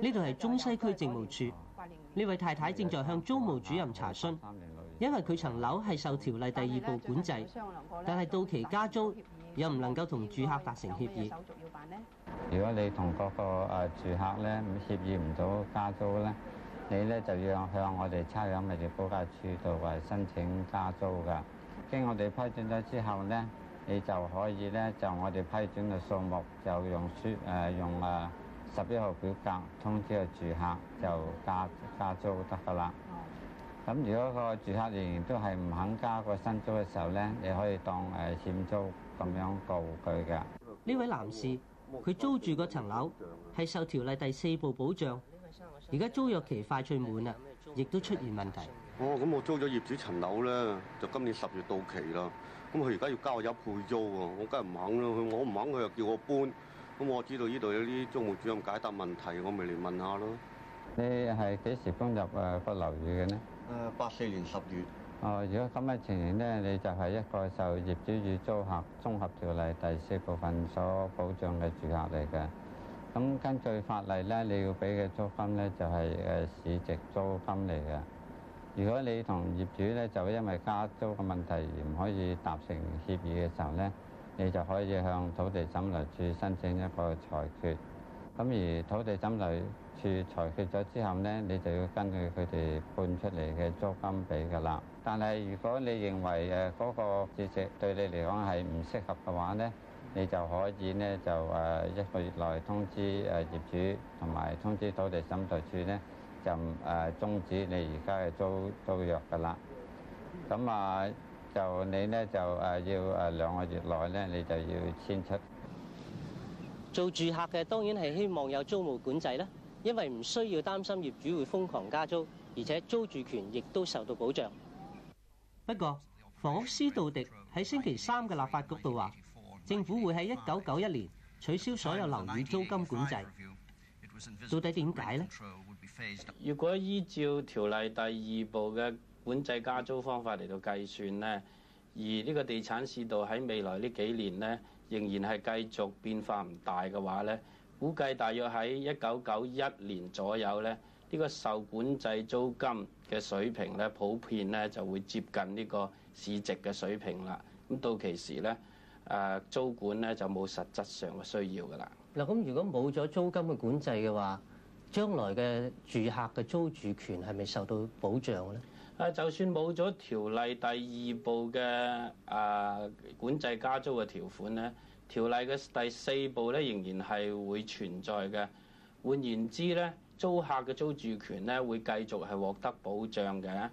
呢度係中西區政務處，呢位太太正在向租務主任查詢，因為佢層樓係受條例第二部管制，但係到期加租又唔能夠同住客達成協議。如果你同嗰個誒住客咧唔協議唔到加租咧，你咧就要向我哋差餉物業估價署度嚟申請加租噶，經我哋批准咗之後咧，你就可以咧就我哋批准嘅數目就用說誒用誒。十一號表格通知個住客就加加租得㗎啦。咁如果個住客仍然都係唔肯加個新租嘅時候咧，你可以當誒欠租咁樣告佢嘅。呢位男士佢租住個層樓係受條例第四部保障，而家租約期快最滿啦，亦都出現問題。哦，咁我租咗業主層樓咧，就今年十月到期啦。咁佢而家要交我一倍租喎，我梗係唔肯啦。佢我唔肯，佢又叫我搬。咁我知道呢度有啲租戶主任解答問題，我咪嚟問下咯。你係幾時搬入誒不樓宇嘅呢？誒、呃，八四年十月。哦，如果咁嘅情形咧，你就係一個受《業主與租客綜合條例》第四部分所保障嘅住客嚟嘅。咁根據法例咧，你要俾嘅租金咧就係、是、誒市值租金嚟嘅。如果你同業主咧就因為加租嘅問題而唔可以達成協議嘅時候咧，你就可以向土地審理處申請一個裁決，咁而土地審理處裁決咗之後呢，你就要根據佢哋判出嚟嘅租金俾㗎喇。但係如果你認為誒嗰個折值對你嚟講係唔適合嘅話呢，你就可以呢，就誒一個月內通知誒業主同埋通知土地審理處呢，就誒終止你而家嘅租租約㗎喇。咁啊～就你呢，就誒要誒兩個月內呢，你就要遷出。做住客嘅當然係希望有租務管制啦，因為唔需要擔心業主會瘋狂加租，而且租住權亦都受到保障。不過，房屋司道迪喺星期三嘅立法局度話，政府會喺一九九一年取消所有樓宇租金管制。到底點解呢？如果依照條例第二部嘅管制加租方法嚟到計算咧，而呢個地產市道喺未來呢幾年咧，仍然係繼續變化唔大嘅話咧，估計大約喺一九九一年左右咧，呢個受管制租金嘅水平咧，普遍咧就會接近呢個市值嘅水平啦。咁到期時咧，誒租管咧就冇實質上嘅需要噶啦。嗱，咁如果冇咗租金嘅管制嘅話，將來嘅住客嘅租住權係咪受到保障咧？啊！就算冇咗條例第二部嘅、啊、管制加租嘅條款咧，條例嘅第四部咧仍然係會存在嘅。換言之咧，租客嘅租住權咧會繼續係獲得保障嘅。